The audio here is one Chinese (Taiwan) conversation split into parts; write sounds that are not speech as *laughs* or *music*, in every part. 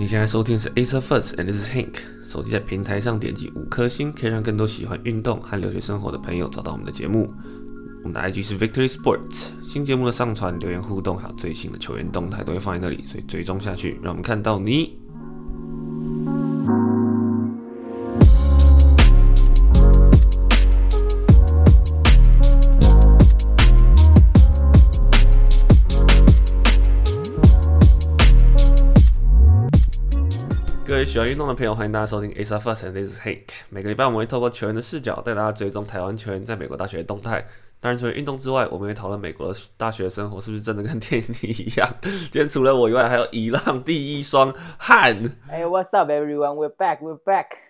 你現在收聽的是 Ace of US First，and this is Hank。手機在平台上點擊五顆星，可以讓更多喜歡運動和留學生活的朋友找到我們的節目。我們的 IG 是 Victory Sports。新節目的上傳、留言互動還有最新的球員動態都會放在那裡，所以追蹤下去，讓我們看到你。喜歡運動的朋友，歡迎大家收聽 Ace of US First，and this is Hank。每個禮拜我們會透過球員的視角，帶大家追蹤台灣球員在美國大學的動態。當然，除了運動之外，我們會討論美國的大學生活是不是真的跟電影裡一樣。今天除了我以外，還有一浪第一雙 Han。Hey，what's up，everyone？We're back，we're back。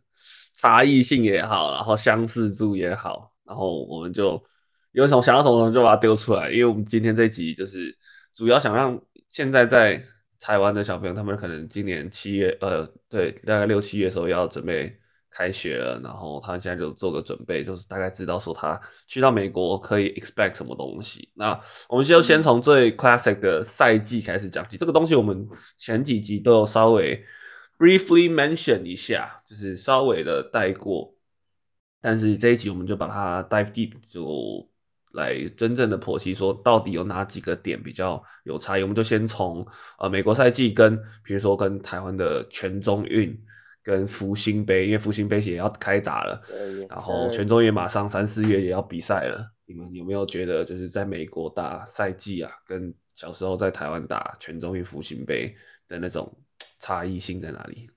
差異性也好，然後相似度也好，然後我們就有什麼想到什麼就把它丟出來，因為我們今天這集就是主要想讓現在在台灣的小朋友，他們可能今年七月，呃，對，大概六七月的時候要準備開學了，然後他現在就做個準備，就是大概知道說他去到美國可以 expect 什麼東西。那我們就先從最 classic 的賽季開始講起，這個東西我們前幾集都有稍微，briefly mention 一下，就是稍微的帶過，但是這一集我們就把它 dive deep，就來真正的剖析說到底有哪幾個點比較有差異。我們就先從呃美國賽季跟，比如說跟台灣的全中運、跟福興盃，因為福興盃也要開打了，然後全中也馬上三四月也要比賽了。你們有沒有覺得，就是在美國打賽季啊，跟小時候在台灣打全中運、福興盃的那種？差異性在哪裡？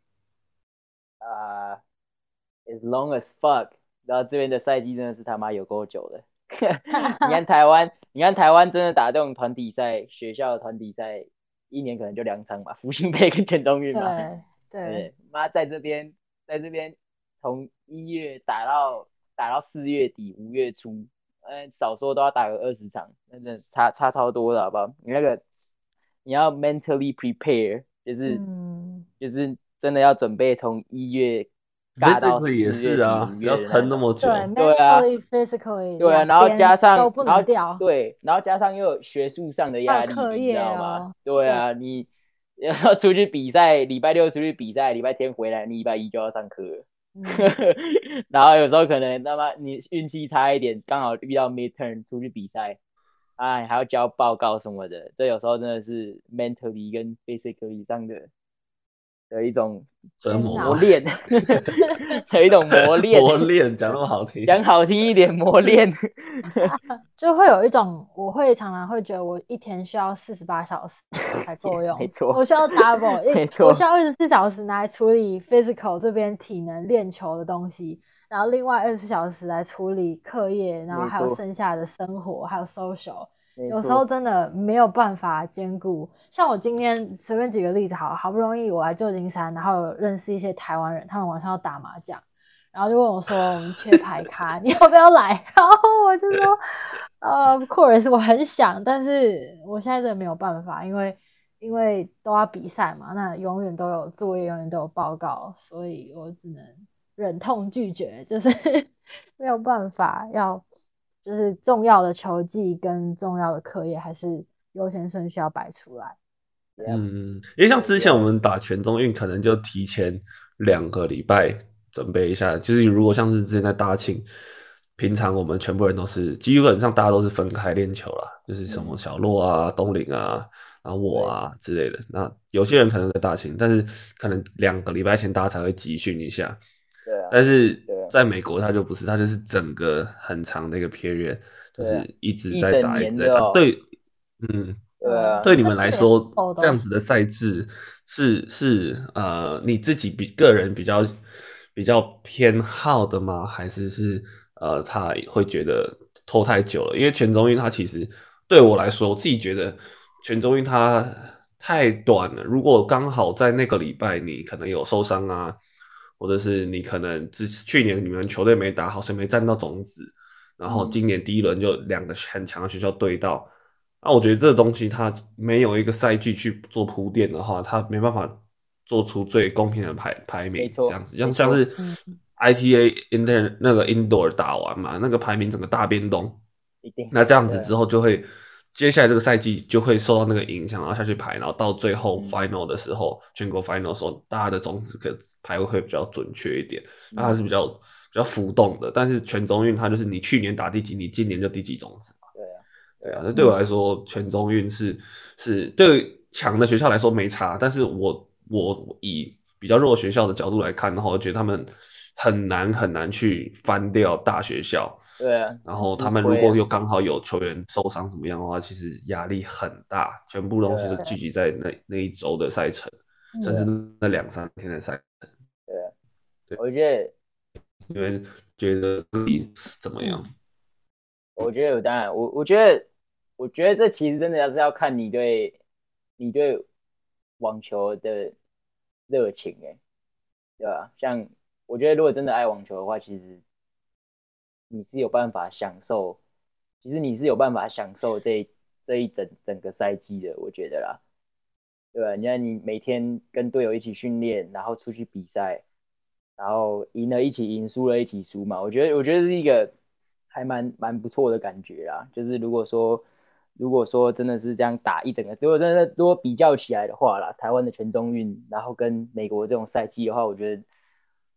啊、uh,，as long as fuck，然後這邊的賽季真的是他媽有夠久了。 *laughs* 你看台灣，你看台灣真的打這種團體賽，學校團體賽，一年可能就兩場吧，福興盃跟全中運嘛。對媽、嗯、在這邊，在這邊從一月打到打到四月底五月初，嗯，少說都要打個二十場，那真的差差超多了，好不好？你那個你要 mentally prepare。就是，嗯、就是真的要準備從一月，physical、嗯、也是啊，你月要撐那麼久，對，對啊 physical，對啊，然後加上，不掉然後對，然後加上又有學術上的壓力，哦、你知道嗎？對啊，對你要出去比賽，禮拜六出去比賽，禮拜天回來，你禮拜一就要上課，嗯、 *laughs* 然後有時候可能那麼你運氣差一點，剛好遇到 midterm 出去比賽。哎，還要交報告什麼的，這有時候真的是 mentally 跟 physical 上的有一種磨練，有一種磨練。哪 *laughs* 磨練講 *laughs* 那麼好聽，講好聽一點，磨練 *laughs* 就會有一種，我會常常會覺得我一天需要四十八小時才夠用。 *laughs* 沒錯錯錯，我需要 double，沒錯，我需要二十四小時來處理 physical 這邊體能練球的東西，然後另外二十四小時來處理課業，然後還有剩下的生活，錯還有 social，錯有時候真的沒有辦法兼顧。像我今天隨便舉個例子好，好好不容易我來舊金山，然後認識一些台灣人，他們晚上要打麻將，然後就問我說：“我們缺牌咖， *laughs* 你要不要來？”然後我就說：“ *laughs* 呃 of course 我很想，但是我現在真的沒有辦法，因為因為都要比賽嘛，那永遠都有作業，永遠都有報告，所以我只能。”忍痛拒絕，就是 *laughs* 沒有辦法要，要就是重要的球技跟重要的課業還是優先順序要擺出來。嗯，因為像之前我們打全中運，可能就提前兩個禮拜準備一下。就是如果像是之前在大慶，嗯、平常我們全部人都是基本上大家都是分開練球啦，就是什麼小洛啊、嗯、東林啊、嗯、然後我啊對之類的。那有些人可能在大慶，但是可能兩個禮拜前大家才會集訓一下。對，但是在美國他就不是，啊啊、他就是整個很長的一個 period、啊、就是一直在打一,一直在打。對，嗯，對、啊，對你們來說這樣子的賽制是是呃你自己比個人比較比較偏好的嗎？還是是呃他會覺得拖太久了？因為全中運他其實對我來說，我自己覺得全中運它太短了。如果剛好在那個禮拜你可能有受傷啊。或者是你可能只是去年你們球隊沒打好，所以沒占到種子，然後今年第一輪就兩個很強的學校對到，那、嗯啊、我覺得這東西它沒有一個賽季去做鋪墊的話，它沒辦法做出最公平的排錯排名沒。沒錯，這樣子像像是 ITA inter 那個 indoor 打完嘛，那個排名整個大變動，一定、嗯。那這樣子之後就會。接下來這個賽季就會受到那個影響，然後下去排，然後到最後 final 的時候，嗯、全國 final 的時候，大家的種子個排位會比較準確一點。那還、嗯、是比較比較浮動的，但是全中運它就是你去年打第幾，你今年就第幾種子嘛。嗯、對啊，對啊。那對我來說，全中運是是對強的學校來說沒差，但是我我以比較弱學校的角度來看的話，我覺得他們很難很難去翻掉大學校。對啊，然後他們如果又剛好有球員受傷怎麼樣的話，其實壓力很大，全部東西都是聚集在那、啊、那一周的賽程，啊、甚至那兩三天的賽程。對，啊、對，對，我覺得，因為覺得怎麼樣？我覺得，有，當然，我我覺得，我覺得這其實真的要是要看你對，你對網球的熱情、欸、對啊，像我覺得，如果真的愛網球的話，其實。你是有辦法享受，其實你是有辦法享受這一這一整整個賽季的，我覺得啦，對吧？你看你每天跟隊友一起訓練，然後出去比賽，然後贏了一起贏，輸了一起輸嘛。我覺得，我覺得是一個還蠻蠻不錯的感覺啦。就是如果說，如果說真的是這樣打一整個，如果真的如果比較起來的話啦，台灣的全中運，然後跟美國這種賽季的話，我覺得，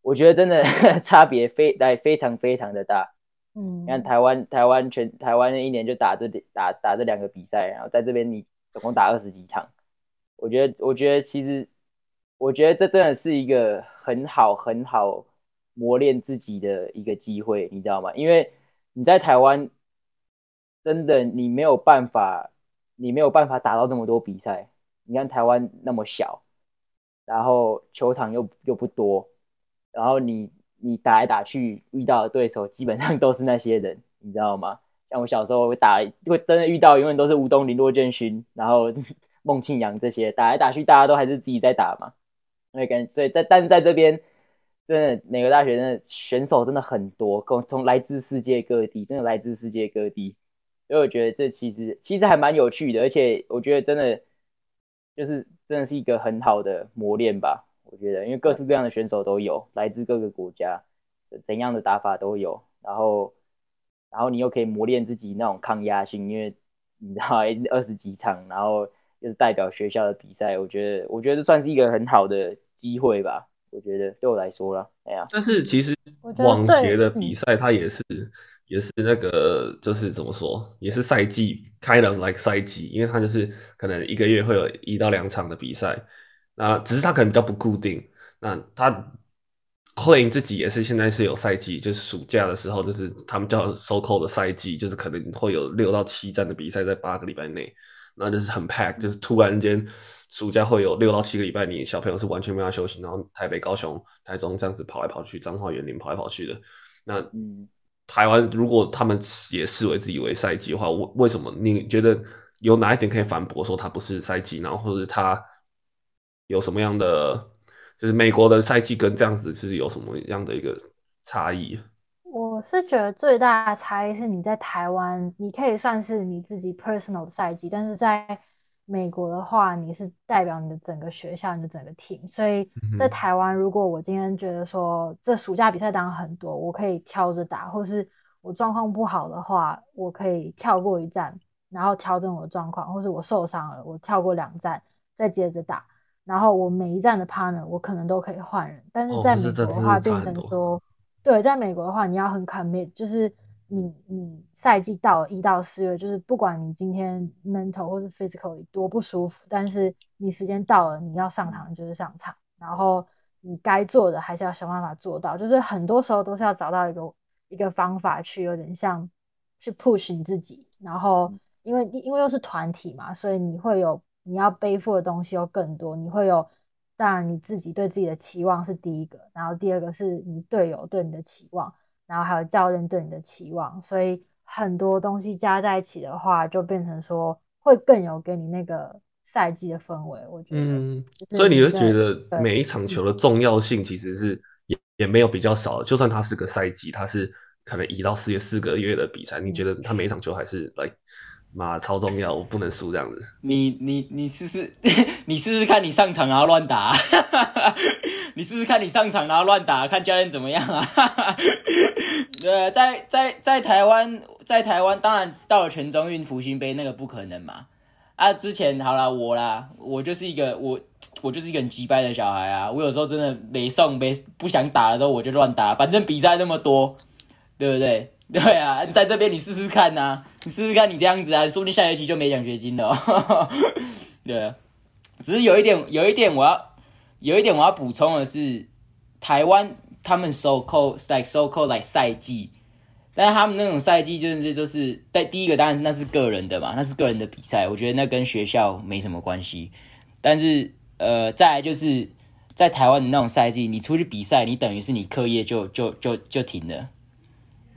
我覺得真的差別非大非常非常的大。嗯，你看台灣，台灣全台灣一年就打這打打這兩個比賽，然後在這邊你總共打二十幾場，我覺得我覺得其實我覺得這真的是一個很好很好磨練自己的一個機會，你知道嗎？因為你在台灣真的你沒有辦法你沒有辦法打到這麼多比賽，你看台灣那麼小，然後球場又又不多，然後你。你打來打去遇到的對手基本上都是那些人，你知道嗎？像我小時候會打，會真的遇到的永遠都是吳東林、駱建勳，然後孟慶陽這些。打來打去，大家都還是自己在打嘛，那、okay, 感所以在，但是在這邊，真的每個大學的選手真的很多，從從來自世界各地，真的來自世界各地。所以我覺得這其實其實還蠻有趣的，而且我覺得真的就是真的是一個很好的磨練吧。我覺得，因為各式各樣的選手都有，對來自各個國家，怎怎樣的打法都有。然後，然後你又可以磨練自己那種抗壓性，因為你知道二十幾場，然後又是代表學校的比賽，我覺得，我覺得這算是一個很好的機會吧。我覺得對我來說啦，哎呀、啊。但是其實網協的比賽，它也是也是那個，就是怎麼說，也是賽季，kind of like 賽季，因為它就是可能一個月會有一到兩場的比賽。啊，只是他可能比較不固定。那他 claim 自己也是現在是有賽季，就是暑假的時候，就是他們叫 so-called 的賽季，就是可能會有六到七站的比賽在八個禮拜內，那就是很 pack，就是突然間暑假會有六到七個禮拜，你小朋友是完全沒有休息，然後台北、高雄、台中這樣子跑來跑去，彰化、園林跑來跑去的。那台灣如果他們也視為自己為賽季的話，為為什麼？你覺得有哪一點可以反駁說他不是賽季？然後或者是他？有什麼樣的，就是美國的賽季跟這樣子是有什麼樣的一個差異？我是覺得最大的差異是，你在台灣你可以算是你自己 personal 的賽季，但是在美國的話，你是代表你的整個學校、你的整個 team。所以在台灣，如果我今天覺得說這暑假比賽當然很多，我可以挑着打；或是我狀況不好的話，我可以跳過一站，然後調整我的狀況；或是我受傷了，我跳過兩站，再接着打。然後我每一站的 partner，我可能都可以換人，但是在美國的話，變成說，哦、對，在美國的話，你要很 commit，就是你你賽季到了一到四月，就是不管你今天 mental 或是 physical 多不舒服，但是你時間到了，你要上場就是上場，然後你該做的還是要想辦法做到，就是很多時候都是要找到一個一個方法去，有點像去 push 你自己，然後因為、嗯、因為又是團體嘛，所以你會有。你要背負的東西又更多，你會有，當然你自己對自己的期望是第一個，然後第二個是你隊友對你的期望，然後還有教練對你的期望，所以很多東西加在一起的話，就變成說會更有給你那個賽季的氛圍。我覺得，嗯、所以你會覺得每一場球的重要性其實是也、嗯、也沒有比較少，就算它是個賽季，它是可能一到四月、四個月的比賽，嗯、你覺得它每一場球還是來。媽超重要，我不能輸這樣子。你你你試試，你試試看你上場然後亂打，啊， *laughs* 你試試看你上場然後亂打，看教練怎麼樣啊？ *laughs* 對，在在在台灣，在台灣當然到了全中運、福興盃那個不可能嘛。啊，之前好啦，我啦，我就是一個我我就是一個很機掰的小孩啊。我有時候真的沒送沒不想打的時候，我就亂打，反正比賽那麼多，對不對？對啊，在這邊你試試看吶、啊，你試試看你這樣子啊，說不定下學期就沒獎學金了。 *laughs* 對、啊，只是有一點，有一點我要，有一點我要補充的是，台灣他們 so-called like so-called like 賽季，但他們那種賽季就是就是，但第一個當然是那是個人的嘛，那是個人的比賽，我覺得那跟學校沒什麼關係。但是呃，再來就是在台灣的那種賽季，你出去比賽，你等於是你課業就就就就,就停了。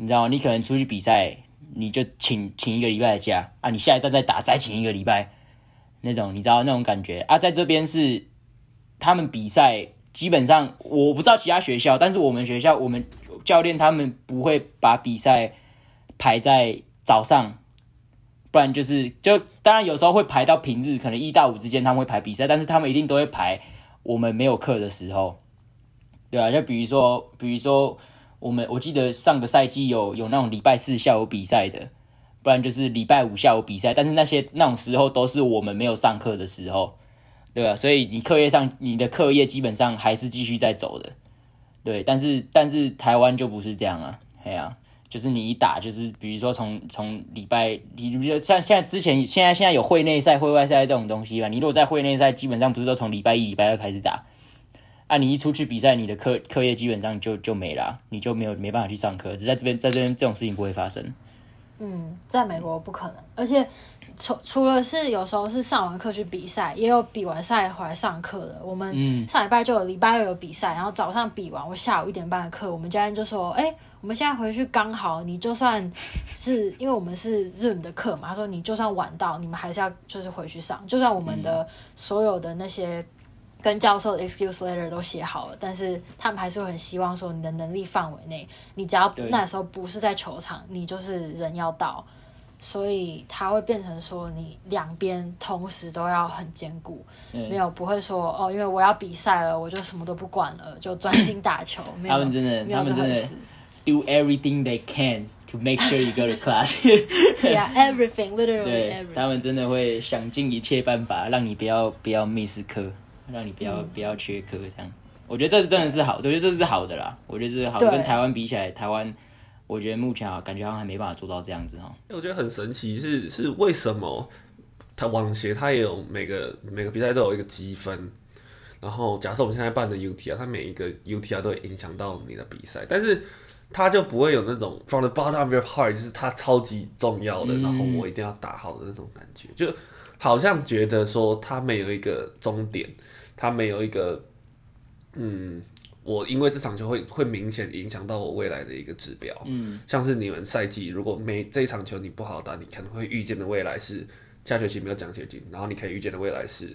你知道，你可能出去比賽，你就請請一個禮拜的假啊！你下一站再打，再請一個禮拜那種，你知道那種感覺啊？在這邊是他們比賽，基本上我不知道其他學校，但是我們學校我們教練他們不會把比賽排在早上，不然就是就當然有時候會排到平日，可能一到五之間他們會排比賽，但是他們一定都會排我們沒有課的時候，對啊，就比如說，比如說。我們我記得上個賽季有有那種禮拜四下午比賽的，不然就是禮拜五下午比賽。但是那些那種時候都是我們沒有上課的時候，對吧？所以你課業上，你的課業基本上還是繼續在走的，對。但是但是台灣就不是這樣啊，哎呀、啊，就是你一打就是比如說從從禮拜你比如說像現在之前現在現在有會內賽會外賽這種東西吧？你如果在會內賽，基本上不是都從禮拜一禮拜二開始打？啊，你一出去比賽，你的課課業基本上就就沒了，你就沒有沒辦法去上課。只在這邊，在這邊這種事情不會發生。嗯，在美國不可能。而且除除了是有時候是上完課去比賽，也有比完賽回來上課的。我們上禮拜就有禮拜六有比賽，然後早上比完，我下午一點半的課，我們教練就說：“誒、欸，我們現在回去剛好，你就算是因為我們是 Zoom 的課嘛，他說你就算晚到，你們還是要就是回去上，就算我們的所有的那些。”跟教授的 excuse letter 都寫好了，但是他們還是會很希望說，你的能力範圍內，你只要那時候不是在球場，你就是人要到，所以他會變成說你兩邊同時都要很兼顧。嗯、沒有不會說哦，因為我要比賽了，我就什麼都不管了，就專心打球。他們真的，沒有他們真的 do everything they can to make sure you go to class *laughs* yeah, everything ,對。Yeah，everything literally。everything。他們真的會想盡一切辦法讓你不要不要 miss 課讓你不要、嗯、不要缺課，這樣，我覺得這是真的是好，我覺得這是好的啦。我覺得這是好對，跟台灣比起來，台灣我覺得目前啊，感覺好像還沒辦法做到這樣子哈。哎，我覺得很神奇是，是是為什麼？他網協他也有每個每個比賽都有一個積分，然後假設我們現在辦的 UTR，它每一個 UTR 都會影響到你的比賽，但是他就不會有那種 from the bottom of your heart，就是它超級重要的，然後我一定要打好的那種感覺，嗯、就好像覺得說它沒有一個終點。他沒有一個，嗯，我因為這場球會會明顯影響到我未來的一個指標，嗯，像是你們賽季如果每這一場球你不好打，你可能會預見的未來是下學期沒有獎學金，然後你可以預見的未來是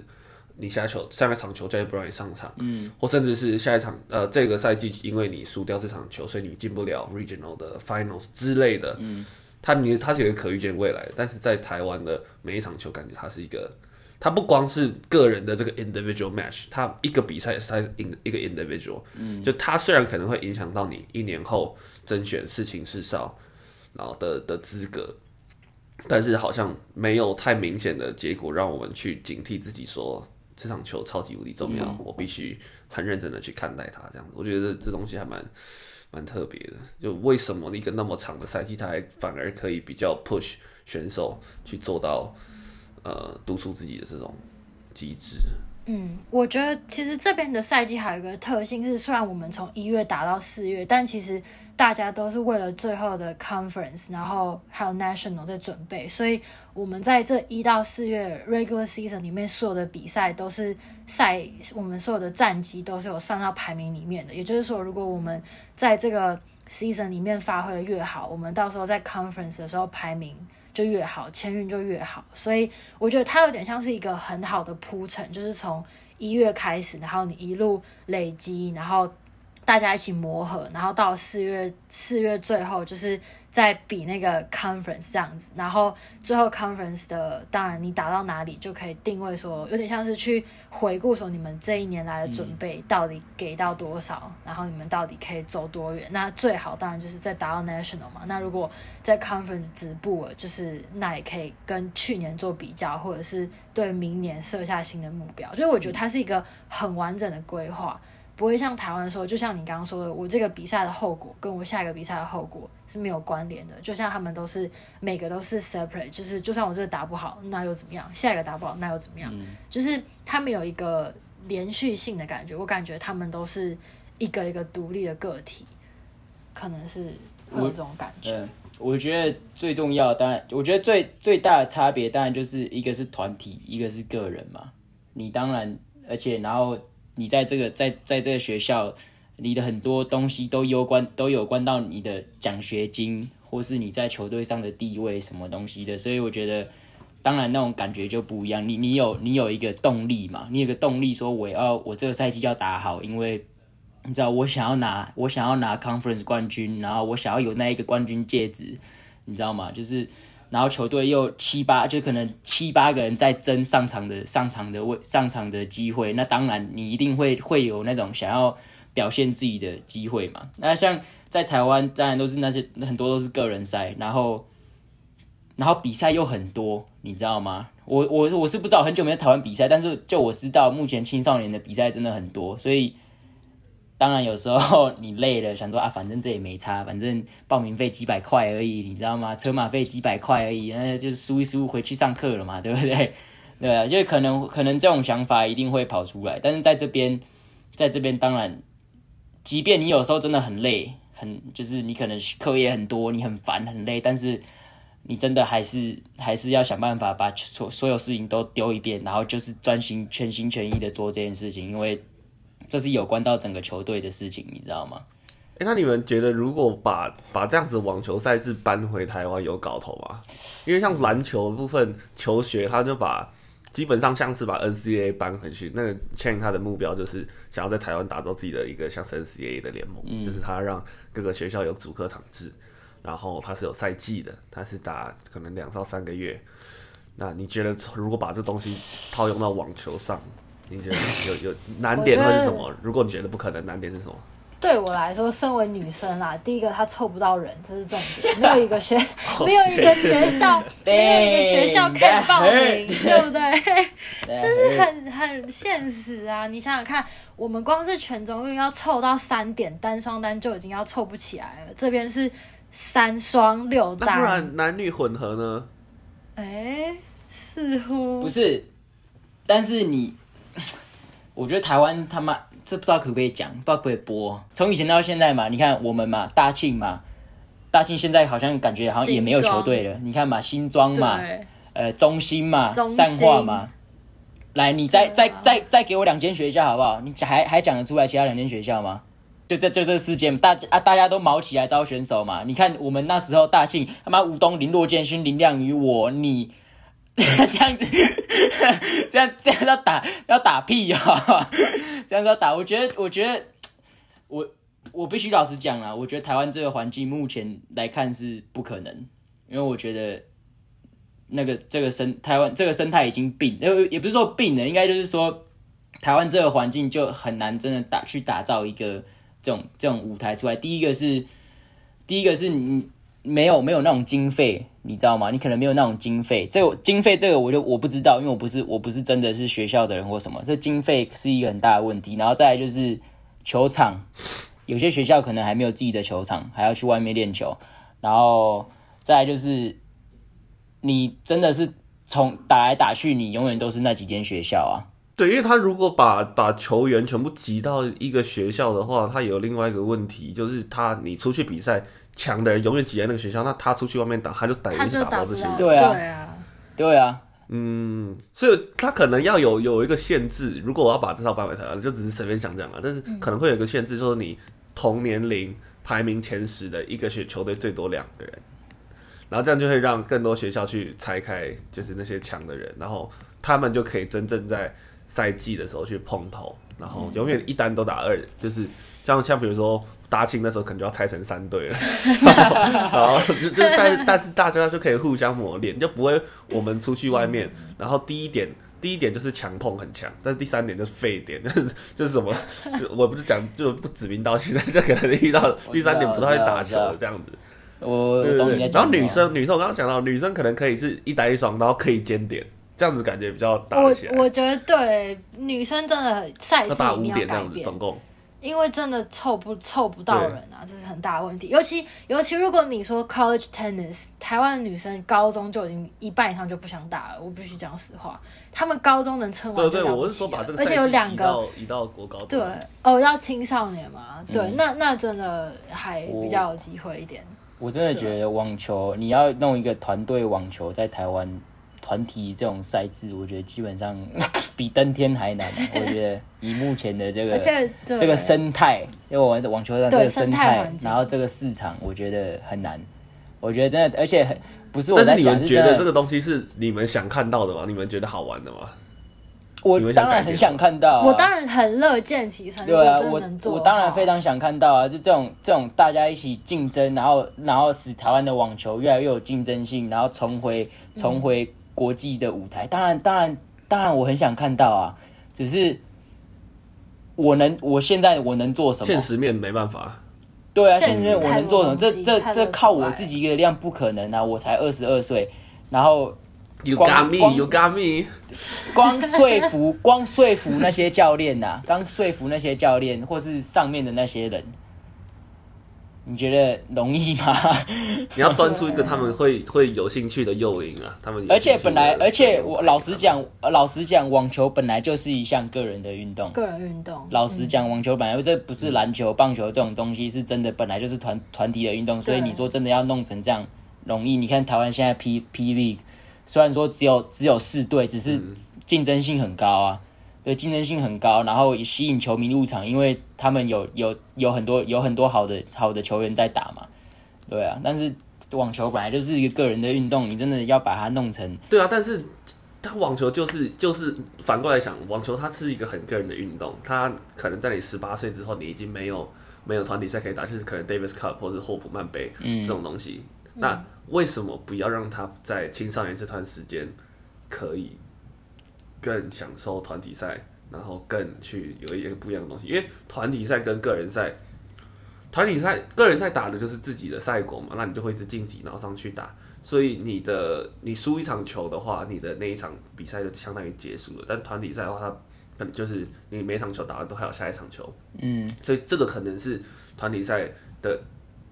你下球下一場球再也不讓你上場，嗯，或甚至是下一場呃這個賽季因為你輸掉這場球，所以你進不了 regional 的 finals 之類的，嗯，他你他是有個可預見的未來，但是在台灣的每一場球感覺他是一個。它不光是個人的這個 individual match，它一個比賽也是一個 individual，、嗯、就它雖然可能會影響到你一年後甄選世青世少，然後的的資格，但是好像沒有太明顯的結果讓我們去警惕自己說，這場球超級無敵重要，嗯、我必須很認真的去看待它這樣子。我覺得這東西還蠻蠻特別的，就為什麼一個那麼長的賽季，它還反而可以比較 push 選手去做到，呃，督促自己的這種機制。嗯，我覺得其實這邊的賽季還有一個特性是，雖然我們從一月打到四月，但其實大家都是為了最後的 conference，然後還有 national 在準備。所以，我們在這一到四月 regular season 裡面所有的比賽都是賽，我們所有的戰績都是有算到排名裡面的。也就是說，如果我們在這個 season 裡面發揮的越好，我們到時候在 conference 的時候排名，就越好，簽運就越好，所以我覺得它有點像是一個很好的鋪陳，就是從一月開始，然後你一路累積，然後。大家一起磨合，然後到四月，四月最後就是再比那個 conference 這樣子，然後最後 conference 的當然你打到哪裡就可以定位說，有點像是去回顧說你們這一年來的準備到底給到多少，嗯、然後你們到底可以走多遠。那最好當然就是在打到 national 嘛，那如果在 conference 止步了，就是那也可以跟去年做比較，或者是對明年設下新的目標。所以我覺得它是一個很完整的規劃。不會像台灣說，就像你剛剛說的，我這個比賽的後果跟我下一個比賽的後果是沒有關聯的。就像他們都是每個都是 separate，就是就算我這個打不好，那又怎麼樣？下一個打不好，那又怎麼樣？嗯，就是他們有一個連續性的感覺。我感覺他們都是一個一個獨立的個體，可能是各有這種感覺。我、呃，我覺得最重要，當然，我覺得最最大的差別，當然就是一個是團體，一個是個人嘛。你當然，而且然後。你在這個在在這個學校，你的很多東西都有關都有關到你的獎學金，或是你在球隊上的地位什麼東西的，所以我覺得，當然那種感覺就不一樣。你你有你有一個動力嘛。你有一個動力說我要我這個賽季要打好，因為你知道我想要拿我想要拿 conference 冠軍，然後我想要有那一個冠軍戒指，你知道嗎？就是。然後球隊又七八，就可能七八個人在爭上場的上場的位上場的機會。那當然，你一定會會有那種想要表現自己的機會嘛。那像在台灣，當然都是那些很多都是個人賽，然後然後比賽又很多，你知道嗎？我我我是不知道很久沒有台灣比賽，但是就我知道目前青少年的比賽真的很多，所以。當然，有時候你累了，想說啊，反正這也沒差，反正報名費幾百塊而已，你知道嗎？車馬費幾百塊而已，那，就是輸一輸回去上課了嘛，對不對？對啊，就可能可能這種想法一定會跑出來。但是在這邊，在這邊，當然，即便你有時候真的很累，很就是你可能課業很多，你很煩很累，但是你真的還是還是要想辦法把所所有事情都丟一遍，然後就是專心全心全意的做這件事情，因為，這是有關到整個球隊的事情，你知道嗎？哎、欸，那你們覺得如果把把這樣子網球賽制搬回台灣有搞頭嗎？因為像籃球的部分，球學他就把基本上像是把 NCAA 搬回去。那個 Chang 他的目標就是想要在台灣打造自己的一個像 NCAA 的聯盟，嗯、就是他讓各個學校有主客場制，然後他是有賽季的，他是打可能兩到三個月。那你覺得如果把這東西套用到網球上？你覺得有有難點會是什麼？如果你覺得不可能，難點是什麼？ *laughs* 我對我來說，身為女生啊，第一個她湊不到人，這是重點。沒有一個學，沒有一個學校，沒有一個學校可以報名，對不對？這是很很現實啊！你想想看，我們光是全中運要湊到三點單雙單就已經要湊不起來了，這邊是三雙六單、欸。那不然男女混合呢？哎，似乎不是，但是你。我覺得台灣他媽，這不知道可不可以講，不知道可不可以播。從以前到現在嘛，你看我們嘛，大慶嘛，大慶現在好像感覺好像也沒有球隊了。裝你看嘛，新莊嘛，對呃，中興嘛，善化心嘛。來，你再，啊，再再再給我兩間學校好不好？你還還講得出來其他兩間學校嗎？就這就這四間，大家啊，大家都卯起來招選手嘛。你看我們那時候大慶他媽吳東林、洛建勳、林亮宇我你。這樣子，這樣這樣要打要打屁哈，這樣要打，這樣子要打，我覺得我覺得我我必須老實講啦，我覺得台灣這個環境目前來看是不可能，因為我覺得那個這個生台灣這個生態已經病，也不是說病了，應該就是說台灣這個環境就很難真的打去打造一個這種這種舞台出來。第一個是第一個是你。沒有沒有那種經費，你知道嗎？你可能沒有那種經費。這個經費這個我就我不知道，因為我不是我不是真的是學校的人或什麼。這經費是一個很大的問題。然後再來就是球場，有些學校可能還沒有自己的球場，還要去外面練球。然後再來就是，你真的是從打來打去，你永遠都是那幾間學校啊。對，因為他如果把把球員全部集到一個學校的話，他有另外一個問題，就是他你出去比賽，強的人永遠擠在那個學校，那他出去外面打，他就等於是打到這些，嗯、對啊，對啊，嗯，所以他可能要有有一個限制，如果我要把這套搬回台灣，就只是隨便想這樣嘛，但是可能會有一個限制，說、就是、你同年齡排名前十的一個學校球隊最多兩個人，然後這樣就會讓更多學校去拆開，就是那些強的人，然後他們就可以真正在。賽季的時候去碰頭，然後永遠一單都打二，嗯、就是像像比如說搭親那時候可能就要拆成三隊了 *laughs* 然後，然後就就但 *laughs* 但是大家就可以互相磨練，就不會我們出去外面，然後第一點 *laughs* 第一點就是強碰很強，但是第三點就是廢點、就是，就是什麼 *laughs* 就我不是講就不指名道姓的，就可能遇到第三點不太會打球的這樣子，我，我，我然後女生女生我剛剛講到女生可能可以是一單一雙，然後可以兼點。這樣子感覺比較打一些，我我覺得對女生真的賽制一定要改變，總共，因為真的湊不湊不到人啊，對這是很大的問題。尤其尤其如果你說 college tennis，台灣女生高中就已經一半以上就不想打了，我必須講實話，他們高中能撐完。對，對,對，我是說把這個賽制而且有兩個移到移到國高。對哦，移到青少年嘛，對，嗯、那那真的還比較有機會一點我。我真的覺得網球對你要弄一個團隊網球在台灣。團體這種賽制，我覺得基本上比登天還難啊。我覺得以目前的這個 *laughs* 而且對這個生態，因為我玩的網球上這個生態，然後這個市場，我覺得很難。我覺得真的，而且很不是我。但是你們覺得真這個東西是你們想看到的嗎？ *laughs* 你們覺得好玩的嗎？我當然很想看到，我當然很樂見其成。對啊，我我我當然非常想看到啊！就這種這種大家一起競爭，然後然後使台灣的網球越來越有競爭性，然後重回重回。嗯國際的舞台，當然，當然，當然，我很想看到啊！只是我能，我現在我能做什麼？現實面沒辦法。對啊，現實面我能做什麼？這、這、這靠我自己的力量不可能啊！我才二十二歲，然後有加密，要加密，光說服、光說服那些教練吶、啊，光說服那些教練，或是上面的那些人。你覺得容易嗎？ *laughs* 你要端出一個他們會會有興趣的誘因啊！他們有興趣，而且本來，而且我老實講，老實講，網球本來就是一項個人的運動，個人運動。老實講，網球本來這不是籃球、嗯、棒球這種東西，是真的本來就是團團體的運動。所以你說真的要弄成這樣容易？你看台灣現在 P、P League，雖然說只有只有四隊，只是競爭性很高啊。對，競爭性很高，然後吸引球迷入場，因為他們有有有很多有很多好的好的球員在打嘛，對啊。但是網球本來就是一個個人的運動，你真的要把它弄成對啊。但是他網球就是就是反過來想，網球它是一個很個人的運動，它可能在你十八歲之後，你已經沒有沒有團體賽可以打，就是可能 Davis Cup 或是霍普曼杯、嗯、這種東西。嗯、那為什麼不要讓他在青少年這段時間可以？更享受團體賽，然後更去有一些不一樣的東西，因為團體賽跟個人賽，團體賽、個人賽打的就是自己的賽果嘛，那你就會是晉級，然後上去打，所以你的你輸一場球的話，你的那一場比賽就相當於結束了。但團體賽的話，它可能就是你每場球打完都還有下一場球，嗯，所以這個可能是團體賽的，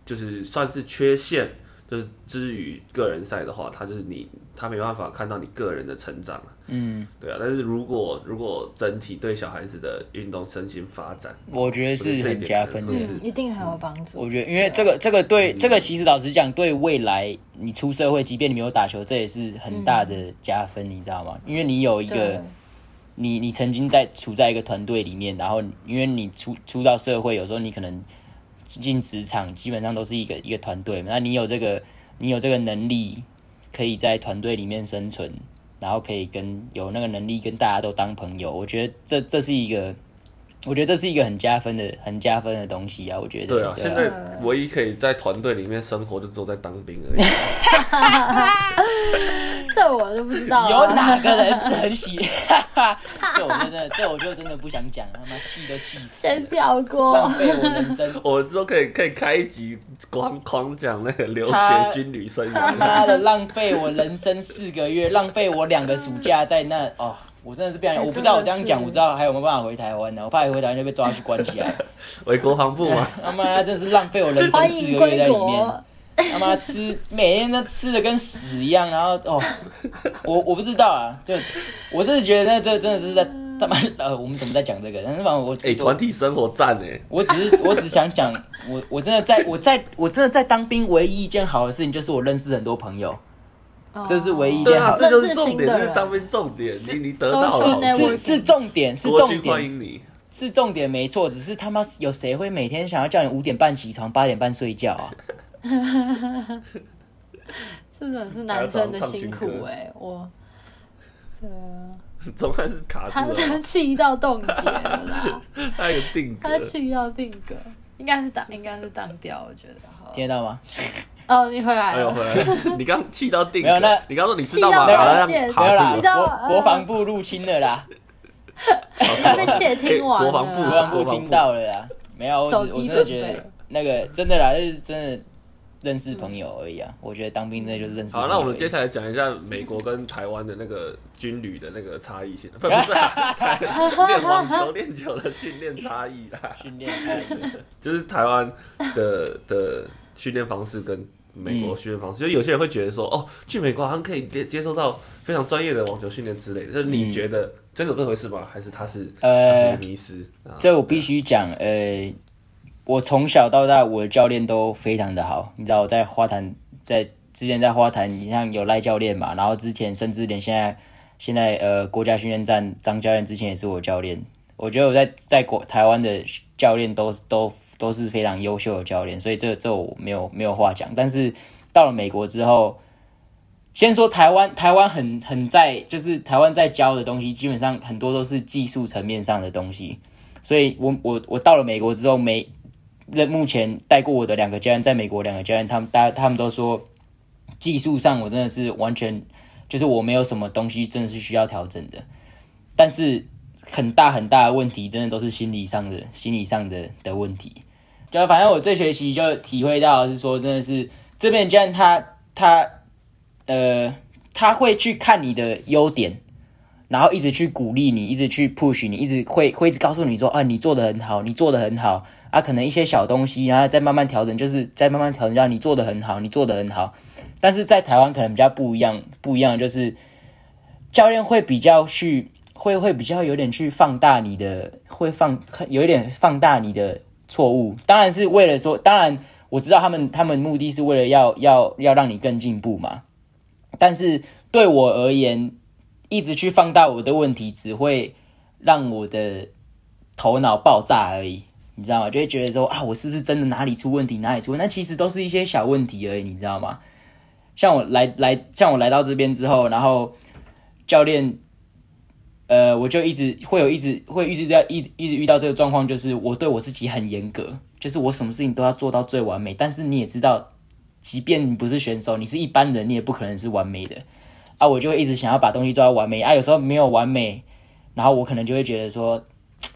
就是算是缺陷。就是至於個人賽的話，他就是你，他沒有辦法看到你個人的成長，嗯，對啊。但是如果如果整體對小孩子的運動身心發展，我覺得是很加分的，一，就是嗯、一定很有幫助、嗯。我覺得，因為這個對這個對這個其實老實講，對未來你出社會，即便你沒有打球，這也是很大的加分，嗯、你知道嗎？因為你有一個，對你你曾經在處在一個團隊裡面，然後因為你出出到社會，有時候你可能。進職場基本上都是一個一個團隊嘛，那你有這個，你有這個能力，可以在團隊裡面生存，然後可以跟有那個能力跟大家都當朋友，我覺得這這是一個，我覺得這是一個很加分的，很加分的東西啊。我覺得，對啊，對啊，現在唯一可以在團隊裡面生活的，只有在當兵而已。 *laughs* *laughs* 這我都不知道。有哪個人是很喜哈哈 *laughs* 我這我就真的不想講，他媽，媽氣都氣死了。先跳過，浪費我人生。我之後可以可以開一集狂狂講那個留學軍旅生涯。他媽的，浪費我人生四個月。 *laughs* 浪費我兩個暑假在那哦，我真的是不想，欸、我不知道我這樣講， *laughs* 我知道還有沒有辦法回台灣呢、啊。我怕一回台灣就被抓去關起來，回 *laughs* 國防部嘛。他、啊、媽，媽，媽的，真是浪費我人生四個月在裡面。他媽吃，每天都吃得跟屎一樣，然後哦，我我不知道啊，就我真是覺得那這真的是在他媽呃，我們怎麼在講這個？但是反正我哎，團、欸、我、團體生活讚哎，我只是、啊、我只想講，我我真的在，我在我真的在當兵，唯一一件好的事情就是我認識很多朋友，哦、這是唯一,一件好的，對啊，這就是重點，是就是當兵重點，你、你得到了，是、是重點是重點，是重點去歡迎你是重點，是重點是重點沒錯，只是他媽有誰會每天想要叫你五點半起床，八點半睡覺啊？哈哈，這種是男生的辛苦哎，我對啊，總還是卡住了。他的氣到凍結了啦，他有定格，他的氣要定格，應該是當應該是當掉。我覺得。聽得到嗎？哦，你回來，沒有回來。你剛氣到定格，沒有，那你剛說你知道嗎？沒有啦，國國防部入侵了啦，你被竊聽完了。國防部，國防部聽到了啦，沒有，我我就覺得那個真的啦，就是真的。認識朋友而已啊，嗯、我覺得當兵這就是認識朋友。好、啊，那我們接下來講一下美國跟台灣的那個軍旅的那個差異性， *laughs* 不是，啊，台灣練網球、練球的訓練差異啦、啊。訓練差異，就是台灣的的訓練方式跟美國訓練方式，嗯、就有些人會覺得說，哦，去美國好像可以接接受到非常專業的網球訓練之類的，就你覺得真的有這回事嗎？還是他是呃，他是有迷失？這我必須講，嗯、呃。我從小到大，我的教練都非常的好。你知道，我在花壇，在之前在花壇，你像有賴教練嘛，然後之前甚至連現在現在呃國家訓練站張教練之前也是我的教練。我覺得我在在國台灣的教練都都都是非常優秀的教練，所以這這我沒有沒有話講。但是到了美國之後，先說台灣，台灣很很在，就是台灣在教的東西，基本上很多都是技術層面上的東西。所以我我我到了美國之後沒。在目前帶過我的兩個教練，在美國兩個教練，他們大他們都說，技術上我真的是完全，就是我沒有什麼東西，真的是需要調整的。但是很大很大的問題，真的都是心理上的心理上的的問題。就反正我這學期就體會到是說，真的是這邊教練他他呃他會去看你的優點，然後一直去鼓勵你，一直去 push 你，一直會會一直告訴你說，啊，你做得很好，你做得很好。啊，可能一些小東西，然後再慢慢調整，就是再慢慢調整，讓你做得很好，你做得很好。但是在台灣可能比較不一樣，不一樣就是教練會比較去，會會比較有點去放大你的，會放有點放大你的錯誤。當然是為了說，當然我知道他們他們目的是為了要要要讓你更進步嘛。但是對我而言，一直去放大我的問題，只會讓我的頭腦爆炸而已。你知道嗎？就會覺得說啊，我是不是真的哪裡出問題，哪裡出？那其實都是一些小問題而已，你知道嗎？像我來來，像我來到這邊之後，然後教練，呃，我就一直會有，一直會有一直，一直會一直在一一直遇到這個狀況，就是我對我自己很嚴格，就是我什麼事情都要做到最完美。但是你也知道，即便你不是選手，你是一般人，你也不可能是完美的啊。我就會一直想要把東西做到完美啊，有時候沒有完美，然後我可能就會覺得說。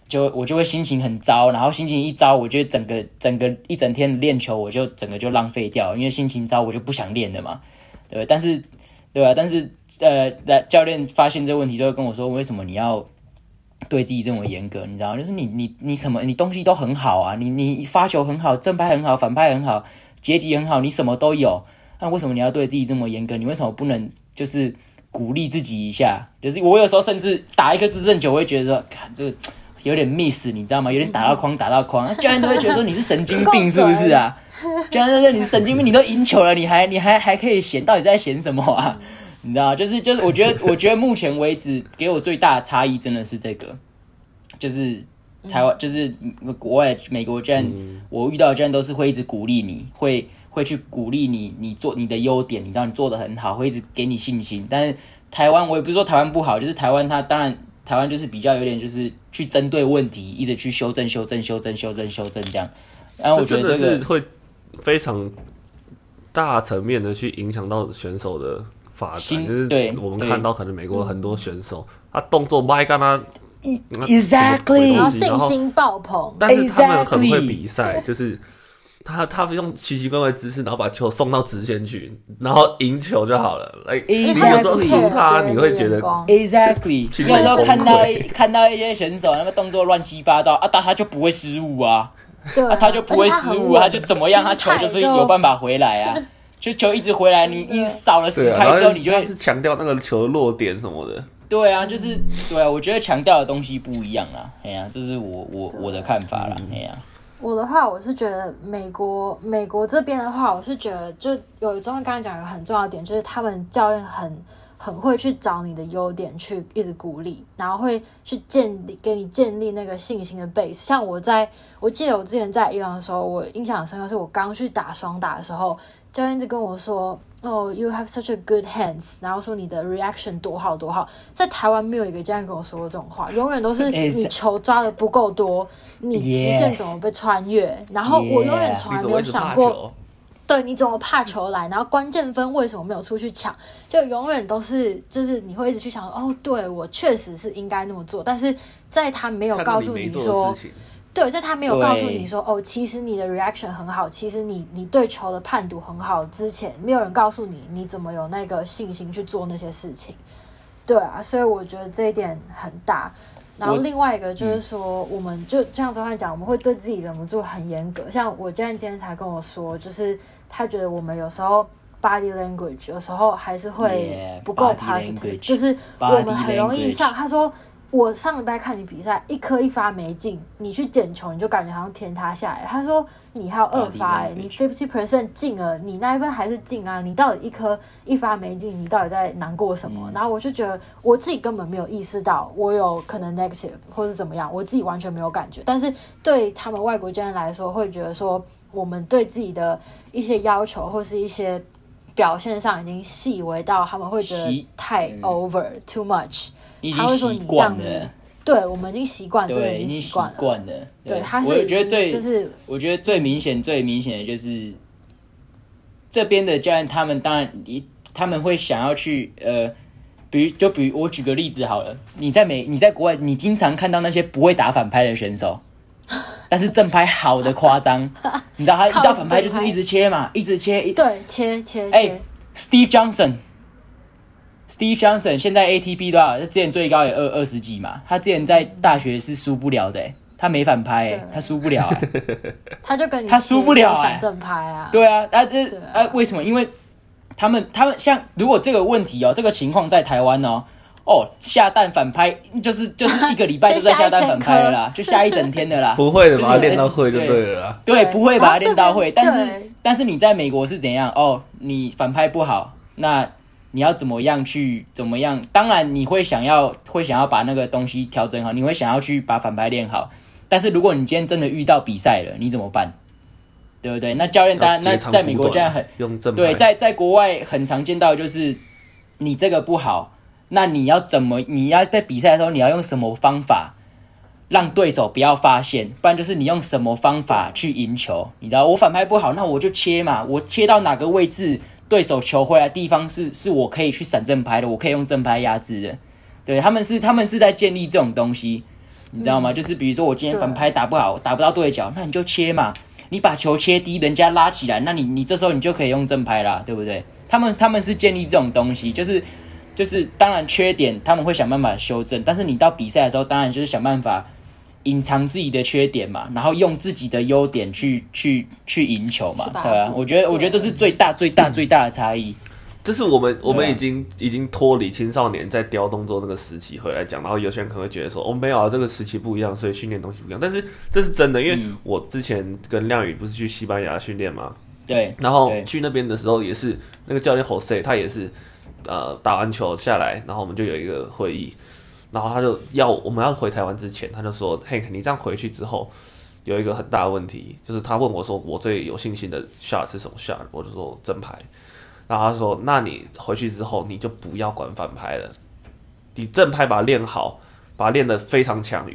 就我就會心情很糟，然後心情一糟，我就整個整個一整天練球，我就整個就浪費掉，因為心情糟，我就不想練了嘛，對吧？但是，對吧？但是，呃，教練發現這個問題，就會跟我說，為什麼你要對自己這麼嚴格？你知道，就是你你你什麼，你東西都很好啊，你你發球很好，正拍很好，反拍很好，截擊很好，你什麼都有，那為什麼你要對自己這麼嚴格？你為什麼不能就是鼓勵自己一下？就是我有時候甚至打一個致勝球，我會覺得說，看這。有點 miss，你知道嗎？有點打到框，打到框，教練、嗯啊、都會覺得說你是神經病，是不是啊？教練、更準、說你是神經病，你都贏球了，你還你還還可以嫌，到底是在嫌什麼啊？嗯、你知道，就是就是，我覺得我覺得目前為止給我最大的差異真的是這個，就是台灣，嗯、就是國外美國教練，嗯、我遇到教練都是會一直鼓勵你，會會去鼓勵你，你做你的優點，你知道你做得很好，會一直給你信心。但是台灣，我也不是說台灣不好，就是台灣它當然。台灣就是比較有點，就是去針對問題，一直去修正、修正、修正、修正、修正,修正這樣。然後我覺得、這個、是會非常大層面的去影響到選手的發展，對對就是我們看到可能美國很多選手，對嗯、他動作麥跟他，exactly 然後信心爆棚，但是他們很會比賽，Exactly. 就是。他他用奇奇怪怪的姿勢，然後把球送到直線去，然後贏球就好了。哎，有時候輸他你會覺得 exactly。有時候看到看到一些選手，那個動作亂七八糟啊，打他就不會失誤啊，對，他就不會失誤，他就怎麼樣，他球就是有辦法回來啊，就球一直回來，你一掃了十拍之後，你就。是強調那個球的落點什麼的。對啊，就是對啊，我覺得強調的東西不一樣啊。哎呀，這是我我我的看法啦。哎呀。我的話，我是覺得美國美國這邊的話，我是覺得就有一中剛剛講一個很重要的點，就是他們教練很很會去找你的優點去一直鼓勵，然後會去建立給你建立那個信心的 base。像我在我記得我之前在伊朗的時候，我印象很深刻，是我剛去打雙打的時候，教練就跟我說：“哦，You have such a good hands。”然後說你的 reaction 多好多好，在台灣沒有一個教練跟我說過這種話，永遠都是你球抓的不夠多。你直線怎麼被穿越？Yes, 然後我永遠從來沒有想過，你對你怎麼怕球來？然後關鍵分為什麼沒有出去搶？就永遠都是，就是你會一直去想說，哦，對我確實是應該那麼做，但是在他沒有告訴你說，你對，在他沒有告訴你說，對哦，其實你的 reaction 很好，其實你你對球的判讀很好，之前沒有人告訴你你怎麼有那個信心去做那些事情，對啊，所以我覺得這一點很大。我 然後另外一個就是說，我們就這樣昨天講，我們會對自己忍不住很嚴格。像我教練今天才跟我說，就是他覺得我們有時候 body language 有時候還是會不夠 positive，yeah, body 就是我們很容易像 Body language. 他說。我上禮拜看你比賽，一顆一發沒進，你去撿球，你就感覺好像天塌下來。他說你還有二發欸，你 fifty percent 進了，你那一分還是進啊？你到底一顆一發沒進，你到底在難過什麼？然後我就覺得我自己根本沒有意識到我有可能 negative 或是怎麼樣，我自己完全沒有感覺。但是對他們外國教練來說，會覺得說我們對自己的一些要求或是一些表現上已經細微到，他們會覺得太 over too much。已經習慣了，對，我們已經習慣，對已經習慣了。對，了對，他是我覺得最就是，我覺得最明顯、最明顯的就是，這邊的教練他們當然，他們會想要去呃，比如就比如我舉個例子好了，你在美你在國外，你經常看到那些不會打反拍的選手， *laughs* 但是正拍好的誇張，你知道他一打反拍就是一直切嘛，一直切，一對，切切。哎、欸、Steve Johnson。Steve Johnson 現在 ATP 多少？他之前最高也二二十幾嘛。他之前在大學是輸不了的，他沒反拍，他輸不了。他就跟你他輸不了對啊，但這啊為什麼？因為他們他們像如果這個問題哦，這個情況在台灣哦，哦，下蛋反拍就是就是一個禮拜都在下蛋反拍了啦，就下一整天的啦。不會的把它練到會就對了。對，不會把它練到會，但是但是你在美國是怎樣？哦，你反拍不好那，你要怎麼樣去怎麼樣？當然你會想要會想要把那個東西調整好，你會想要去把反拍練好。但是如果你今天真的遇到比賽了，你怎麼辦？對不對？那教練當然那在美國這樣很用，對，在在國外很常見到就是你這個不好，那你要怎麼？你要在比賽的時候你要用什麼方法讓對手不要發現？不然就是你用什麼方法去贏球？你知道我反拍不好，那我就切嘛，我切到哪個位置？對手球回來的地方是是我可以去閃正拍的，我可以用正拍壓制的。對，他們是他們是在建立這種東西，你知道嗎？就是比如說我今天反拍打不好，對打不到對角，那你就切嘛，你把球切低，人家拉起來，那你你這時候你就可以用正拍啦啊，對不對？他們他們是建立這種東西，就是就是當然缺點他們會想辦法修正，但是你到比賽的時候，當然就是想辦法，隱藏自己的缺點嘛，然後用自己的優點去去去贏球嘛，對吧？對啊嗯、我覺得對我覺得這是最大最大最大的差異，嗯、這是我們我們已經對已經脫離青少年在雕動作那個時期回來講，然後有些人可能會覺得說哦沒有、啊、這個時期不一樣，所以訓練東西不一樣，但是這是真的，因為我之前跟亮宇不是去西班牙訓練嘛、嗯，對，對然後去那邊的時候也是那個教練 Jose 他也是呃打完球下來，然後我們就有一個會議。然後他就要我們要回台灣之前，他就說：“嘿，你這樣回去之後，有一個很大的問題，就是他問我說，我最有信心的 shot 是什麼 shot？我就說正拍。然後他說：“那你回去之後，你就不要管反拍了，你正拍把它練好，把它練得非常強，